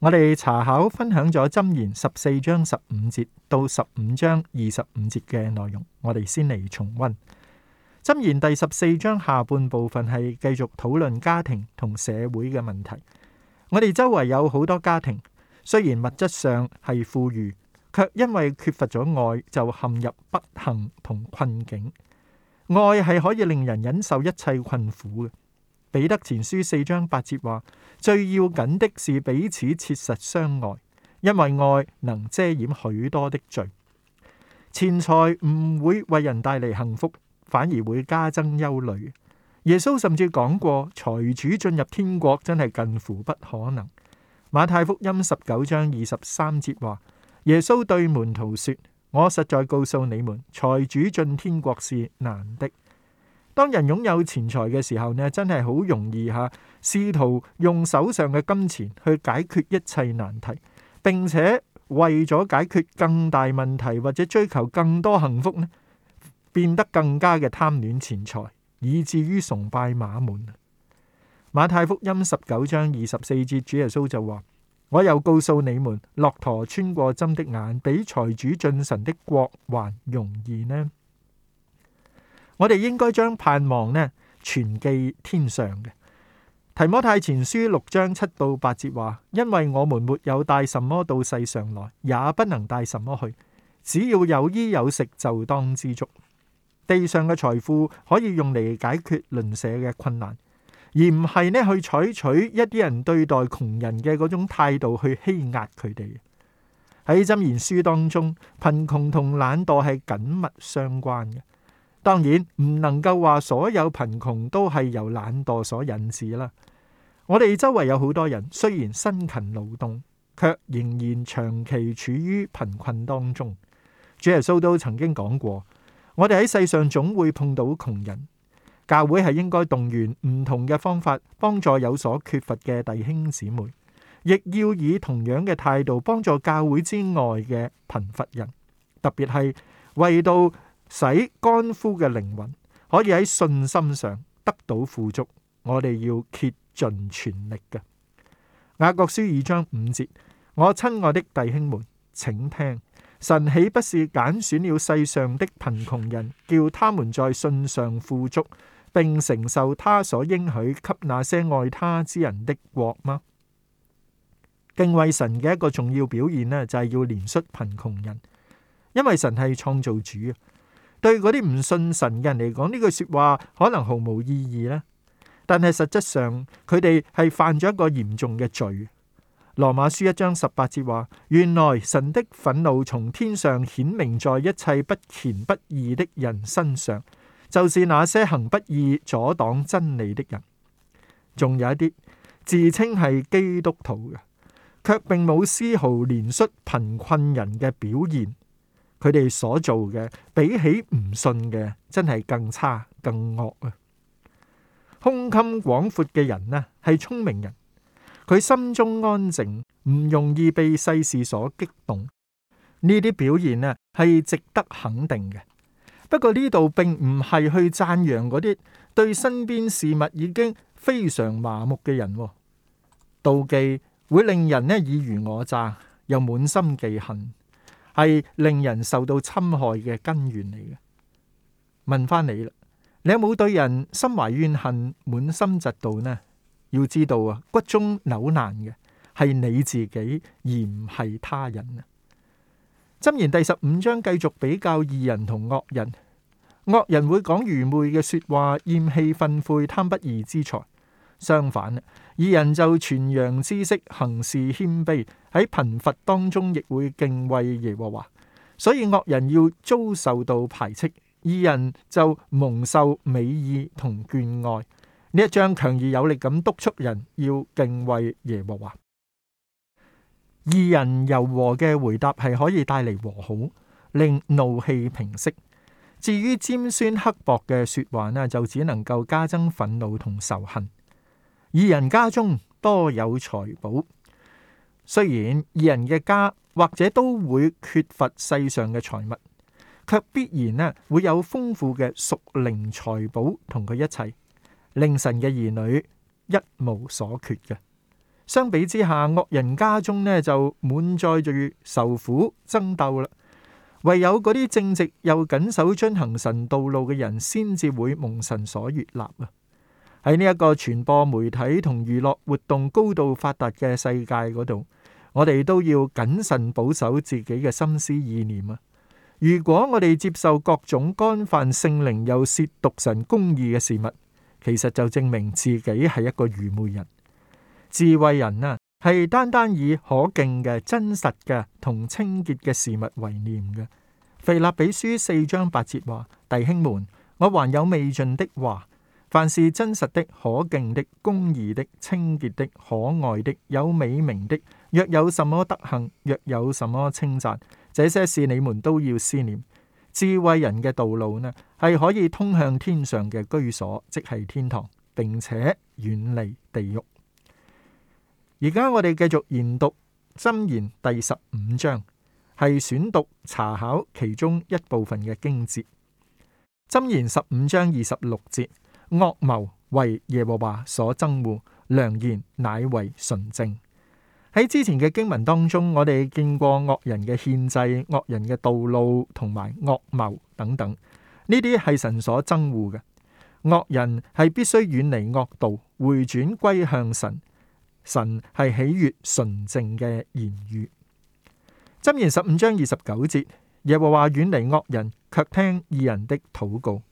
我哋查考分享咗《箴言》十四章十五節到十五章二十五節嘅內容，我哋先嚟重温《箴言》第十四章下半部分係繼續討論家庭同社會嘅問題。我哋周圍有好多家庭，雖然物質上係富裕，卻因為缺乏咗愛就陷入不幸同困境。愛係可以令人忍受一切困苦嘅。彼得前書四章八節話：最要緊的是彼此切實相愛，因為愛能遮掩許多的罪。錢財唔會為人帶嚟幸福，反而會加增憂慮。耶穌甚至講過，財主進入天國真係近乎不可能。馬太福音十九章二十三節話：耶穌對門徒說：我實在告訴你們，財主進天國是難的。當人擁有錢財嘅時候呢，真係好容易嚇，試圖用手上嘅金錢去解決一切難題，並且為咗解決更大問題或者追求更多幸福呢，變得更加嘅貪戀錢財，以至於崇拜馬門。馬太福音十九章二十四節，主耶穌就話：我又告訴你們，駱駝穿過針的眼，比財主進神的國還容易呢。我哋應該將盼望呢存記天上嘅。提摩太前書六章七到八節話：「因為我們沒有帶什麼到世上來，也不能帶什麼去，只要有衣有食就當知足。地上嘅財富可以用嚟解決鄰舍嘅困難，而唔係呢去採取一啲人對待窮人嘅嗰種態度去欺壓佢哋。」喺《箴言書》當中，貧窮同懶惰係緊密相關嘅。當然唔能夠話所有貧窮都係由懶惰所引致啦。我哋周圍有好多人雖然辛勤勞動，卻仍然長期處於貧困當中。主耶穌都曾經講過，我哋喺世上總會碰到窮人。教會係應該動員唔同嘅方法幫助有所缺乏嘅弟兄姊妹，亦要以同樣嘅態度幫助教會之外嘅貧乏人，特別係為到，使乾枯嘅靈魂可以喺信心上得到富足，我哋要竭盡全力嘅。雅各書二章五節，我親愛的弟兄們，請聽，神豈不是揀選了世上的貧窮人，叫他們在信上富足，並承受他所應許給那些愛他之人的國嗎？敬畏神嘅一個重要表現呢，就係、是、要憐恤貧窮人，因為神係創造主。對嗰啲唔信神嘅人嚟講，呢句説話可能毫無意義咧。但係實質上，佢哋係犯咗一個嚴重嘅罪。羅馬書一章十八節話：原來神的憤怒從天上顯明在一切不虔不義的人身上，就是那些行不義、阻擋真理的人。仲有一啲自稱係基督徒嘅，卻並冇絲毫憐恤貧困人嘅表現。佢哋所做嘅比起唔信嘅真係更差更惡啊！胸襟廣闊嘅人呢係聰明人，佢心中安靜，唔容易被世事所激動。呢啲表現呢係值得肯定嘅。不過呢度並唔係去讚揚嗰啲對身邊事物已經非常麻木嘅人。妒忌會令人呢以虞我詐，又滿心忌恨。係令人受到侵害嘅根源嚟嘅。問返你啦，你有冇對人心懷怨恨、滿心嫉妒呢？要知道啊，骨中扭難嘅係你自己，而唔係他人啊。箴言第十五章繼續比較義人同惡人，惡人會講愚昧嘅說話，厭棄憤悔，貪不義之財。相反啦，義人就傳揚知識，行事謙卑。喺貧乏當中，亦會敬畏耶和華，所以惡人要遭受到排斥，義人就蒙受美意同眷愛。呢一章強而有力咁督促人要敬畏耶和華。義人柔和嘅回答係可以帶嚟和好，令怒氣平息。至於尖酸刻薄嘅說話呢，就只能夠加增憤怒同仇恨。義人家中多有財寶。雖然二人嘅家或者都會缺乏世上嘅財物，却必然咧會有豐富嘅屬靈財寶同佢一齊令神嘅兒女一無所缺嘅。相比之下，惡人家中呢就滿載住受苦爭鬥啦。唯有嗰啲正直又謹守遵行神道路嘅人，先至會蒙神所悅納啊！喺呢一個傳播媒體同娛樂活動高度發達嘅世界嗰度。我哋都要謹慎保守自己嘅心思意念啊！如果我哋接受各種干犯聖靈又褻瀆神公義嘅事物，其實就證明自己係一個愚昧人。智慧人啊，係單單以可敬嘅真實嘅同清潔嘅事物為念嘅。腓立比書四章八節話：弟兄們，我還有未盡的話。凡是真實的、可敬的、公義的、清潔的、可愛的、有美名的，若有什麼德行，若有什麼稱讚，這些事你們都要思念。智慧人嘅道路呢，係可以通向天上嘅居所，即係天堂，並且遠離地獄。而家我哋繼續研讀《箴言》第十五章，係選讀查考其中一部分嘅經節，《箴言》十五章二十六節。惡謀為耶和華所憎惡，良言乃為純正。喺之前嘅經文當中，我哋見過惡人嘅獻祭、惡人嘅道路同埋惡謀等等，呢啲係神所憎惡嘅。惡人係必須遠離惡道，回轉歸向神。神係喜悦純正嘅言語。箴言十五章二十九節：耶和華遠離惡人，卻聽義人的禱告。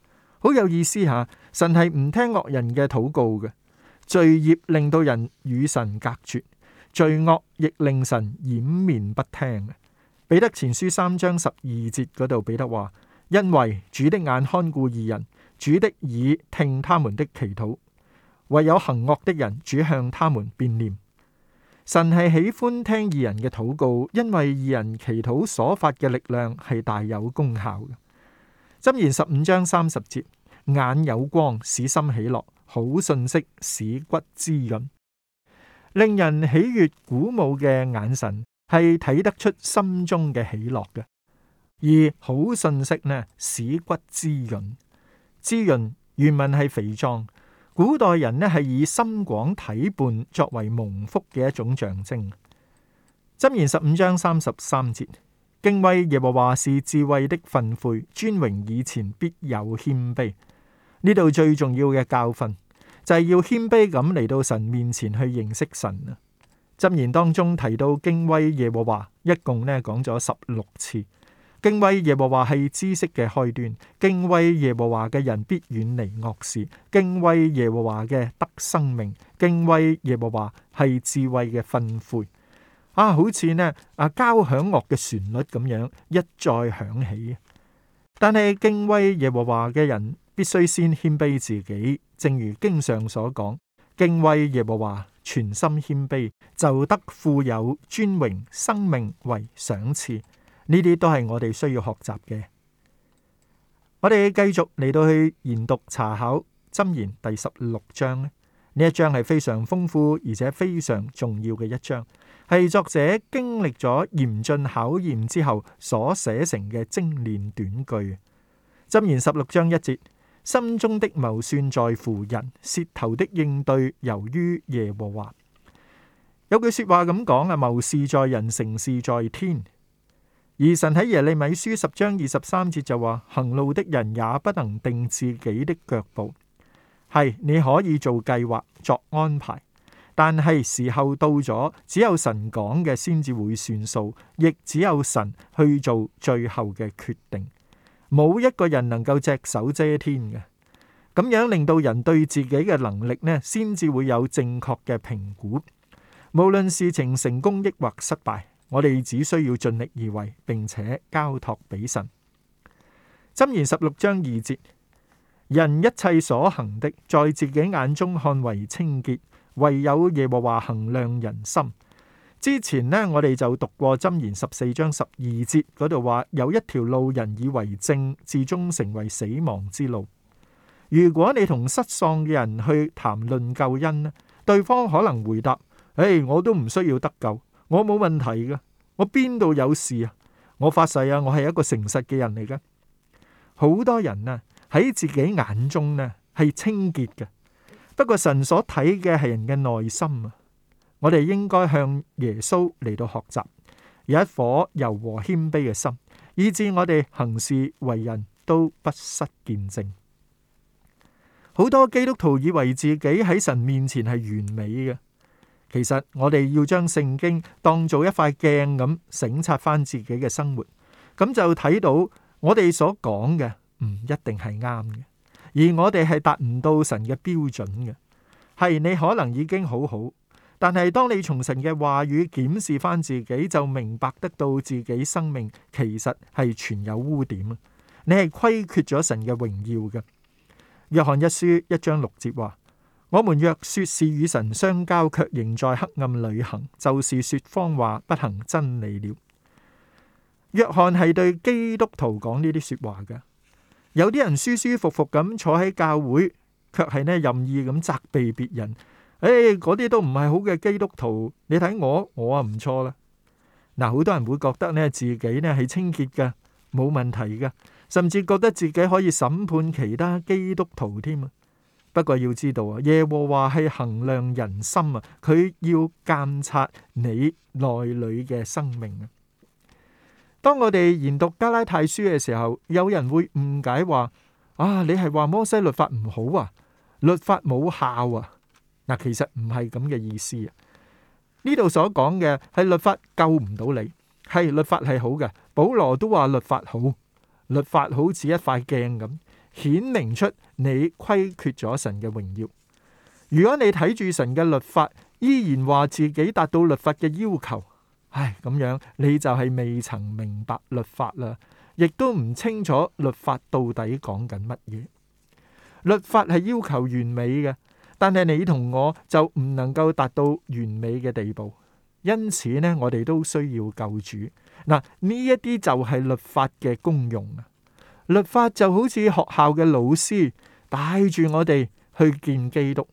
好有意思吓、啊。神係唔聽惡人嘅禱告嘅，罪孽令到人與神隔絕，罪惡亦令神掩面不聽。彼得前書三章十二節嗰度，彼得話：因為主的眼看顧義人，主的耳聽他們的祈禱，唯有行惡的人，主向他們變臉。神係喜歡聽義人嘅禱告，因為義人祈禱所發嘅力量係大有功效嘅。箴言十五章三十節。眼有光，使心喜樂；好信息使骨滋潤，令人喜悦鼓舞嘅眼神係睇得出心中嘅喜樂嘅。而好信息呢，使骨滋潤。滋潤原文係肥壯，古代人呢係以心廣體胖作為蒙福嘅一種象徵。箴言十五章三十三節：敬畏耶和華是智慧的訓誨，尊榮以前必有謙卑。呢度最重要嘅教訓就係、是、要謙卑咁嚟到神面前去認識神啊。箴言當中提到敬畏耶和華，一共咧講咗十六次。敬畏耶和華係知識嘅開端，敬畏耶和華嘅人必遠離惡事，敬畏耶和華嘅得生命，敬畏耶和華係智慧嘅訓誨啊，好似咧啊交響樂嘅旋律咁樣一再響起。但係敬畏耶和華嘅人。必須先謙卑自己，正如經上所講，敬畏耶和華，全心謙卑，就得富有、尊榮、生命為賞賜。呢啲都係我哋需要學習嘅。我哋繼續嚟到去研讀查考箴言第十六章咧，呢一章係非常豐富而且非常重要嘅一章，係作者經歷咗嚴峻考驗之後所寫成嘅精煉短句。箴言十六章一節。心中的謀算在乎人，舌頭的應對由於耶和華。有句說話咁講啊：謀事在人，成事在天。而神喺耶利米書十章二十三節就話：行路的人也不能定自己的腳步。係你可以做計劃、作安排，但係時候到咗，只有神講嘅先至會算數，亦只有神去做最後嘅決定。冇一個人能夠隻手遮天嘅，咁樣令到人對自己嘅能力呢，先至會有正確嘅評估。無論事情成功抑或失敗，我哋只需要盡力而為，並且交託俾神。箴言十六章二節：人一切所行的，在自己眼中看為清潔，唯有耶和華衡量人心。之前呢，我哋就讀過《箴言》十四章十二節嗰度話，有一條路人以為正，至終成為死亡之路。如果你同失喪嘅人去談論救恩咧，對方可能回答：誒，我都唔需要得救，我冇問題噶，我邊度有事啊？我發誓啊，我係一個誠實嘅人嚟噶。好多人啊，喺自己眼中呢，係清潔嘅，不過神所睇嘅係人嘅內心啊。我哋應該向耶穌嚟到學習，有一顆柔和謙卑嘅心，以致我哋行事為人都不失見證。好多基督徒以為自己喺神面前係完美嘅，其實我哋要將聖經當做一塊鏡咁，省察返自己嘅生活，咁就睇到我哋所講嘅唔一定係啱嘅，而我哋係達唔到神嘅標準嘅。係，你可能已經好好。但係，當你從神嘅話語檢視翻自己，就明白得到自己生命其實係存有污點。你係虧缺咗神嘅榮耀嘅。約翰一書一章六節話：我們若説是與神相交，卻仍在黑暗裏行，就是説謊話，不行真理了。約翰係對基督徒講呢啲説話嘅。有啲人舒舒服服咁坐喺教會，卻係呢任意咁責備別人。誒，嗰啲、哎、都唔係好嘅基督徒，你睇我，我啊唔錯啦。嗱，好多人會覺得咧，自己咧係清潔㗎，冇問題㗎，甚至覺得自己可以審判其他基督徒添啊。不過要知道啊，耶和華係衡量人心啊，佢要監察你內裏嘅生命啊。當我哋研讀加拉太書嘅時候，有人會誤解話：啊，你係話摩西律法唔好啊，律法冇效啊。嗱，其實唔係咁嘅意思啊！呢度所講嘅係律法救唔到你，係律法係好嘅，保羅都話律法好，律法好似一塊鏡咁，顯明出你虧缺咗神嘅榮耀。如果你睇住神嘅律法，依然話自己達到律法嘅要求，唉，咁樣你就係未曾明白律法啦，亦都唔清楚律法到底講緊乜嘢。律法係要求完美嘅。但係你同我就唔能夠達到完美嘅地步，因此呢，我哋都需要救主。嗱，呢一啲就係律法嘅功用啊！律法就好似學校嘅老師，帶住我哋去見基督，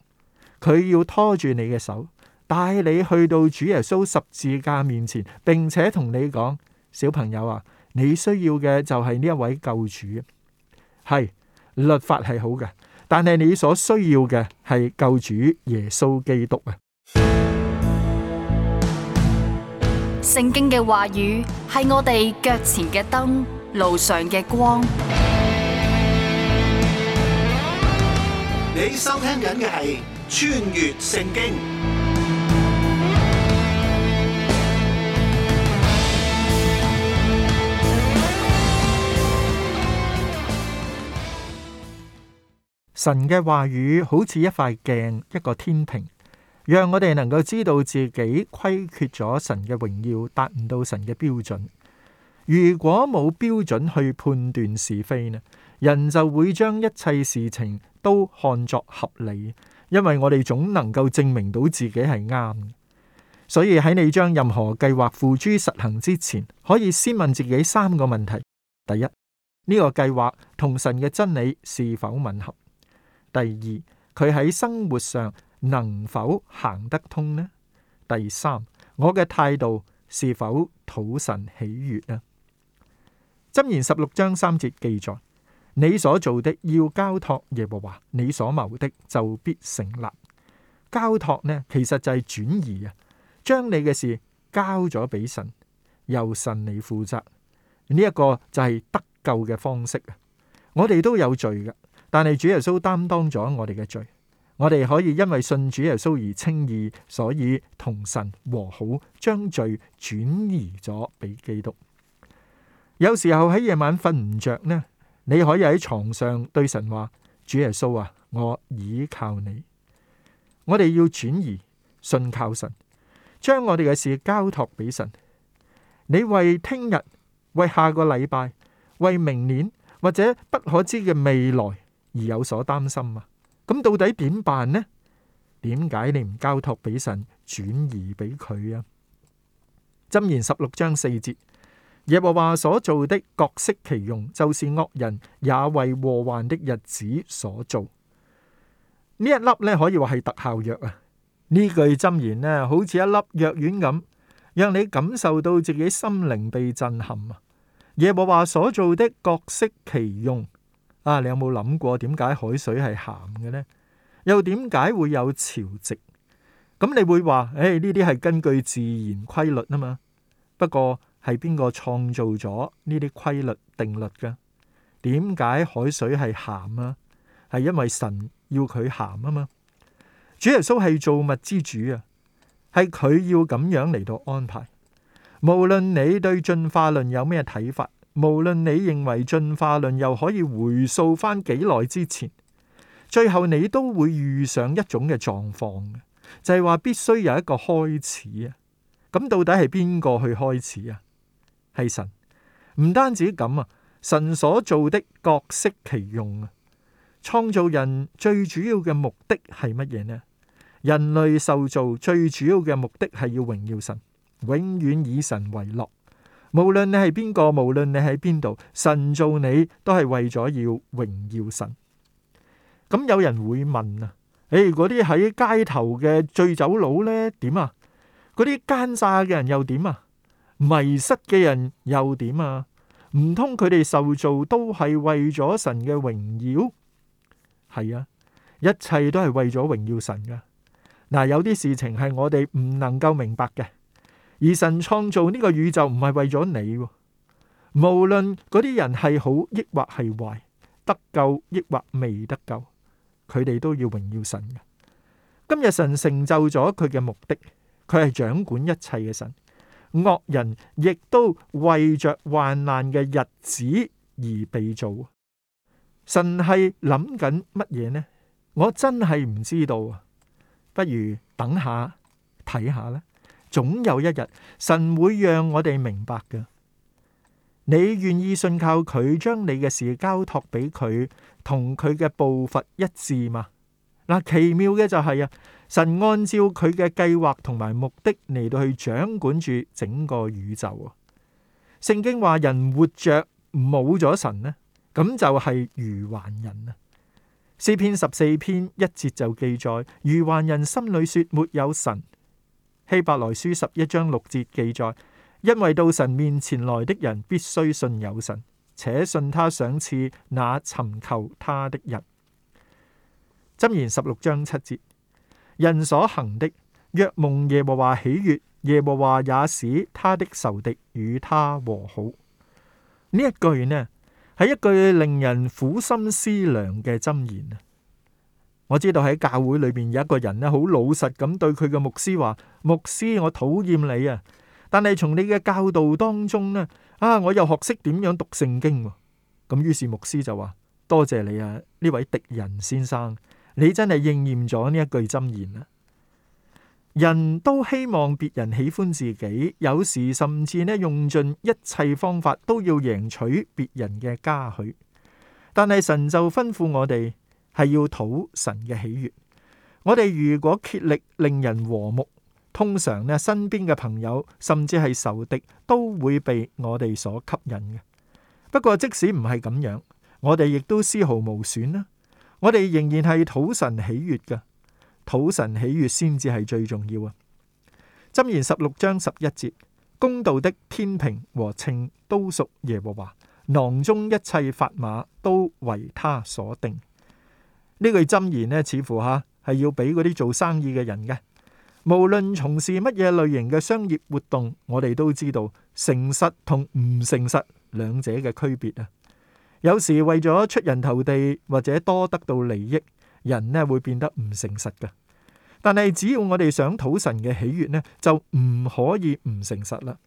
佢要拖住你嘅手，帶你去到主耶穌十字架面前，並且同你講：小朋友啊，你需要嘅就係呢一位救主。係，律法係好嘅。但係你所需要嘅係救主耶穌基督啊！聖經嘅話語係我哋腳前嘅燈，路上嘅光。你收聽緊嘅係《穿越聖經》。神嘅話語好似一塊鏡，一個天平，讓我哋能夠知道自己虧缺咗神嘅榮耀，達唔到神嘅標準。如果冇標準去判斷是非呢，人就會將一切事情都看作合理，因為我哋總能夠證明到自己係啱。所以喺你將任何計劃付諸實行之前，可以先問自己三個問題：第一，呢個計劃同神嘅真理是否吻合？第二，佢喺生活上能否行得通呢？第三，我嘅態度是否討神喜悅呢？箴言十六章三節記載：你所做的要交託耶和華，你所謀的就必成立。交託呢，其實就係轉移啊，將你嘅事交咗俾神，由神嚟負責。呢一個就係得救嘅方式啊！我哋都有罪噶。但係主耶穌擔當咗我哋嘅罪，我哋可以因為信主耶穌而稱義，所以同神和好，將罪轉移咗俾基督。有時候喺夜晚瞓唔着，呢，你可以喺床上對神話：「主耶穌啊，我倚靠你。我哋要轉移信靠神，將我哋嘅事交託俾神。你為聽日、為下個禮拜、為明年或者不可知嘅未來。而有所擔心啊！咁到底點辦呢？點解你唔交託俾神，轉移俾佢啊？箴言十六章四節，耶和華所造的各適其用，就是惡人也為禍患的日子所造。呢一粒咧可以話係特效藥啊！呢句箴言咧，好似一粒藥丸咁，讓你感受到自己心靈被震撼啊！耶和華所造的各適其用。啊！你有冇諗過點解海水係鹹嘅呢？又點解會有潮汐？咁你會話，誒呢啲係根據自然規律啊嘛。不過係邊個創造咗呢啲規律定律嘅？點解海水係鹹啊？係因為神要佢鹹啊嘛。主耶穌係造物之主啊，係佢要咁樣嚟到安排。無論你對進化論有咩睇法。無論你認為進化論又可以回溯翻幾耐之前，最後你都會遇上一種嘅狀況就係話必須有一個開始啊。咁到底係邊個去開始啊？係神。唔單止咁啊，神所做的各適其用啊。創造人最主要嘅目的係乜嘢呢？人類受造最主要嘅目的係要榮耀神，永遠以神為樂。無論你係邊個，無論你喺邊度，神造你都係為咗要榮耀神。咁有人會問啊，誒，嗰啲喺街頭嘅醉酒佬呢點啊？嗰啲奸詐嘅人又點啊？迷失嘅人又點啊？唔通佢哋受造都係為咗神嘅榮耀？係啊，一切都係為咗榮耀神噶。嗱，有啲事情係我哋唔能夠明白嘅。而神創造呢個宇宙唔係為咗你。無論嗰啲人係好抑或係壞，得救抑或未得救，佢哋都要榮耀神。今日神成就咗佢嘅目的，佢係掌管一切嘅神。惡人亦都為着患難嘅日子而被造。神係諗緊乜嘢呢？我真係唔知道啊。不如等下睇下啦。看看總有一日，神會讓我哋明白嘅。你願意信靠佢，將你嘅事交託俾佢，同佢嘅步伐一致嗎？嗱，奇妙嘅就係、是、啊，神按照佢嘅計劃同埋目的嚟到去掌管住整個宇宙啊！聖經話人活着冇咗神呢，咁就係愚頑人啊。詩篇十四篇一節就記載：愚頑人心裏說沒有神。希伯來書十一章六節記載：因為到神面前來的人，必須信有神，且信他賞賜那尋求他的人。箴言十六章七節：人所行的，若蒙耶和華喜悅，耶和華也使他的仇敵與他和好。呢一句呢，係一句令人苦心思量嘅箴言我知道喺教會裏邊有一個人咧，好老實咁對佢嘅牧師話：牧師，我討厭你啊！但係從你嘅教導當中呢，啊，我又學識點樣讀聖經。咁於是牧師就話：多謝你啊，呢位敵人先生，你真係應驗咗呢一句箴言啊。人都希望別人喜歡自己，有時甚至咧用盡一切方法都要贏取別人嘅嘉許。但係神就吩咐我哋。係要討神嘅喜悅。我哋如果竭力令人和睦，通常呢，身邊嘅朋友，甚至係仇敵，都會被我哋所吸引嘅。不過即使唔係咁樣，我哋亦都絲毫無損啦。我哋仍然係討神喜悅嘅，討神喜悅先至係最重要啊。箴言十六章十一節：公道的天平和秤都屬耶和華，囊中一切法碼都為他所定。呢句箴言咧，似乎吓係要俾嗰啲做生意嘅人嘅。無論從事乜嘢類型嘅商業活動，我哋都知道誠實同唔誠實兩者嘅區別啊。有時為咗出人頭地或者多得到利益，人咧，會變得唔誠實㗎。但係只要我哋想討神嘅喜悦咧，就唔可以唔誠實啦。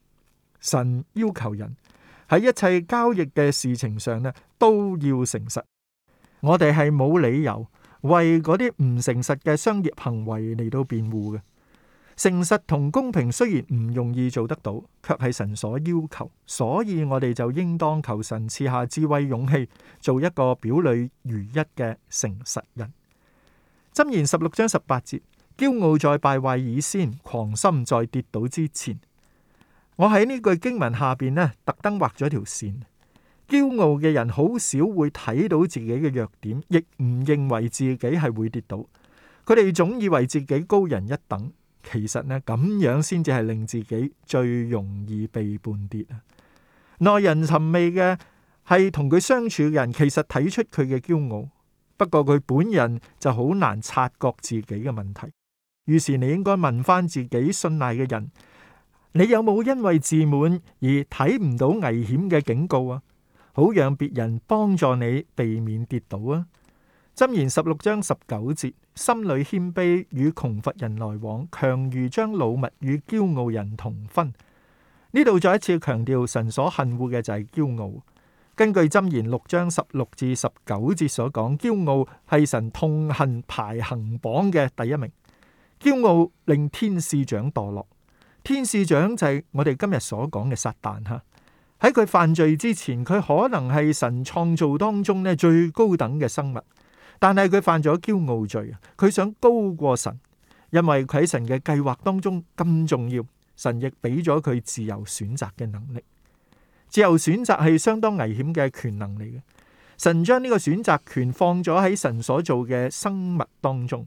神要求人喺一切交易嘅事情上咧，都要誠實。我哋係冇理由為嗰啲唔誠實嘅商業行為嚟到辯護嘅。誠實同公平雖然唔容易做得到，卻係神所要求，所以我哋就應當求神賜下智慧勇氣，做一個表裏如一嘅誠實人。箴言十六章十八節：驕傲在敗壞以先，狂心在跌倒之前。我喺呢句經文下邊呢，特登畫咗條線。驕傲嘅人好少會睇到自己嘅弱點，亦唔認為自己係會跌倒。佢哋總以為自己高人一等，其實呢，咁樣先至係令自己最容易被絆跌啊！耐人尋味嘅係同佢相處嘅人，其實睇出佢嘅驕傲，不過佢本人就好難察覺自己嘅問題。於是你應該問返自己信賴嘅人，你有冇因為自滿而睇唔到危險嘅警告啊？好讓別人幫助你，避免跌倒啊！箴言十六章十九節，心裏謙卑與窮乏人來往，強如將擄物與驕傲人同分。呢度再一次強調，神所恨惡嘅就係驕傲。根據箴言六章十六至十九節所講，驕傲係神痛恨排行榜嘅第一名。驕傲令天使長墮落，天使長就係我哋今日所講嘅撒旦吓。喺佢犯罪之前，佢可能係神創造當中咧最高等嘅生物，但係佢犯咗驕傲罪啊！佢想高過神，因為佢喺神嘅計劃當中咁重要，神亦俾咗佢自由選擇嘅能力。自由選擇係相當危險嘅權能嚟嘅，神將呢個選擇權放咗喺神所做嘅生物當中，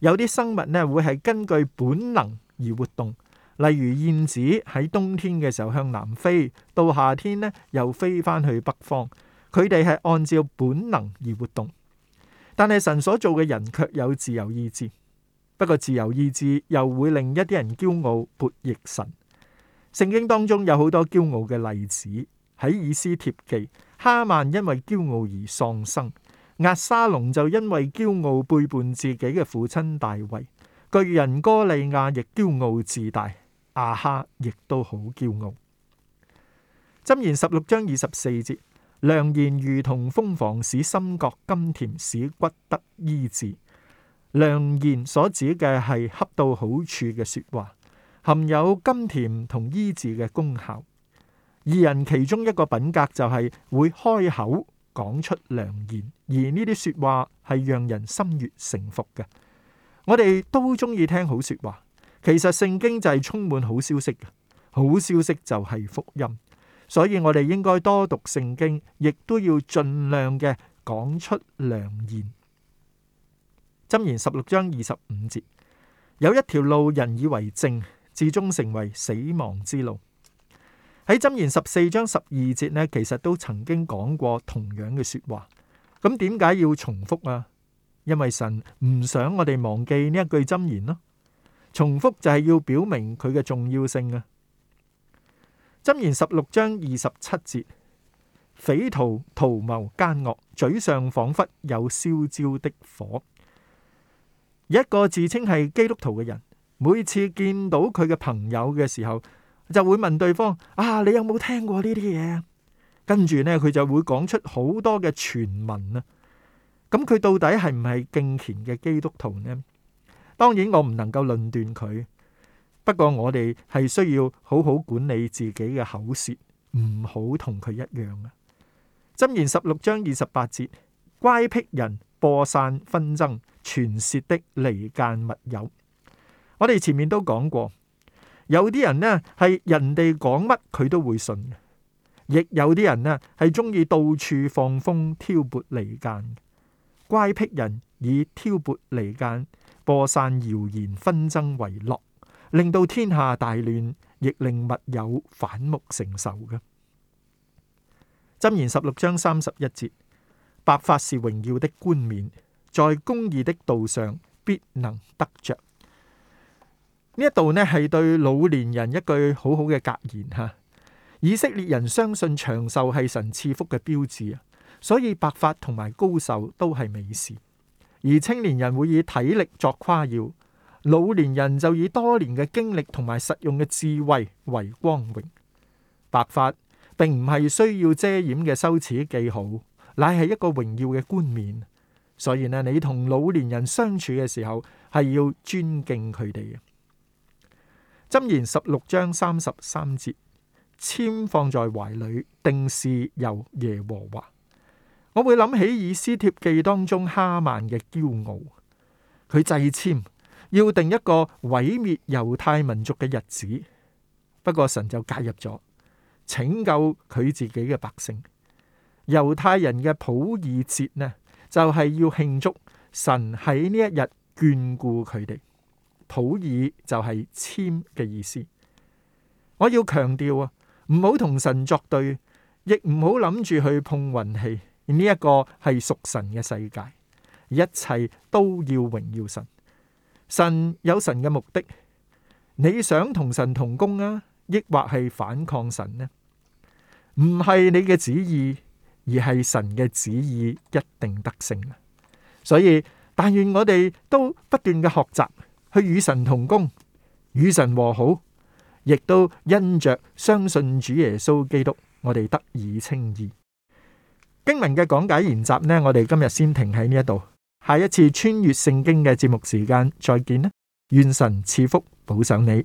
有啲生物咧會係根據本能而活動。例如燕子喺冬天嘅時候向南飛，到夏天呢又飛返去北方。佢哋係按照本能而活動，但係神所造嘅人卻有自由意志。不過自由意志又會令一啲人驕傲，悖逆神。聖經當中有好多驕傲嘅例子，喺以斯帖記，哈曼因為驕傲而喪生；押沙龍就因為驕傲背叛自己嘅父親大衛。巨人哥利亞亦驕傲自大。阿哈，亦都好驕傲。箴言十六章二十四節，良言如同蜂房，使心覺甘甜，使骨得醫治。良言所指嘅係恰到好處嘅說話，含有甘甜同醫治嘅功效。義人其中一個品格就係會開口講出良言，而呢啲說話係讓人心悅誠服嘅。我哋都中意聽好說話。其實聖經就係充滿好消息，好消息就係福音，所以我哋應該多讀聖經，亦都要盡量嘅講出良言。箴言十六章二十五節，有一條路人以為正，至終成為死亡之路。喺箴言十四章十二節呢，其實都曾經講過同樣嘅說話。咁點解要重複啊？因為神唔想我哋忘記呢一句箴言咯。重複就係要表明佢嘅重要性啊！箴言十六章二十七節，匪徒圖謀奸惡，嘴上仿佛有燒焦的火。一個自稱係基督徒嘅人，每次見到佢嘅朋友嘅時候，就會問對方：啊，你有冇聽過呢啲嘢？跟住呢，佢就會講出好多嘅傳聞啊。咁佢到底係唔係敬虔嘅基督徒呢？當然我唔能夠論斷佢，不過我哋係需要好好管理自己嘅口舌，唔好同佢一樣啊。箴言十六章二十八節：乖僻人播散紛爭，傳舌的離間密友。我哋前面都講過，有啲人呢係人哋講乜佢都會信，亦有啲人呢係中意到處放風挑撥離間，乖僻人以挑撥離間播散謠言、紛爭為樂，令到天下大亂，亦令物有反目成仇嘅。箴言十六章三十一節：白髮是榮耀的冠冕，在公義的道上必能得着。呢一度呢係對老年人一句好好嘅格言吓。以色列人相信長壽係神賜福嘅標誌啊，所以白髮同埋高壽都係美事。而青年人會以體力作誇耀，老年人就以多年嘅經歷同埋實用嘅智慧為光榮。白發並唔係需要遮掩嘅羞恥記號，乃係一個榮耀嘅冠冕。所以呢，你同老年人相處嘅時候，係要尊敬佢哋嘅。箴言十六章三十三節：籤放在懷裏，定是由耶和華。我會諗起以斯帖記當中哈曼嘅驕傲，佢祭簽要定一個毀滅猶太民族嘅日子。不過神就介入咗，拯救佢自己嘅百姓。猶太人嘅普爾節呢，就係要慶祝神喺呢一日眷顧佢哋。普爾就係簽嘅意思。我要強調啊，唔好同神作對，亦唔好諗住去碰運氣。呢一個係屬神嘅世界，一切都要榮耀神。神有神嘅目的，你想同神同工啊，抑或係反抗神呢啊？唔係你嘅旨意，而係神嘅旨意一定得勝啊！所以但願我哋都不斷嘅學習去與神同工，與神和好，亦都因着相信主耶穌基督，我哋得以稱義。經文嘅講解研習呢，我哋今日先停喺呢一度，下一次穿越聖經嘅節目時間再見啦！願神賜福保賞你。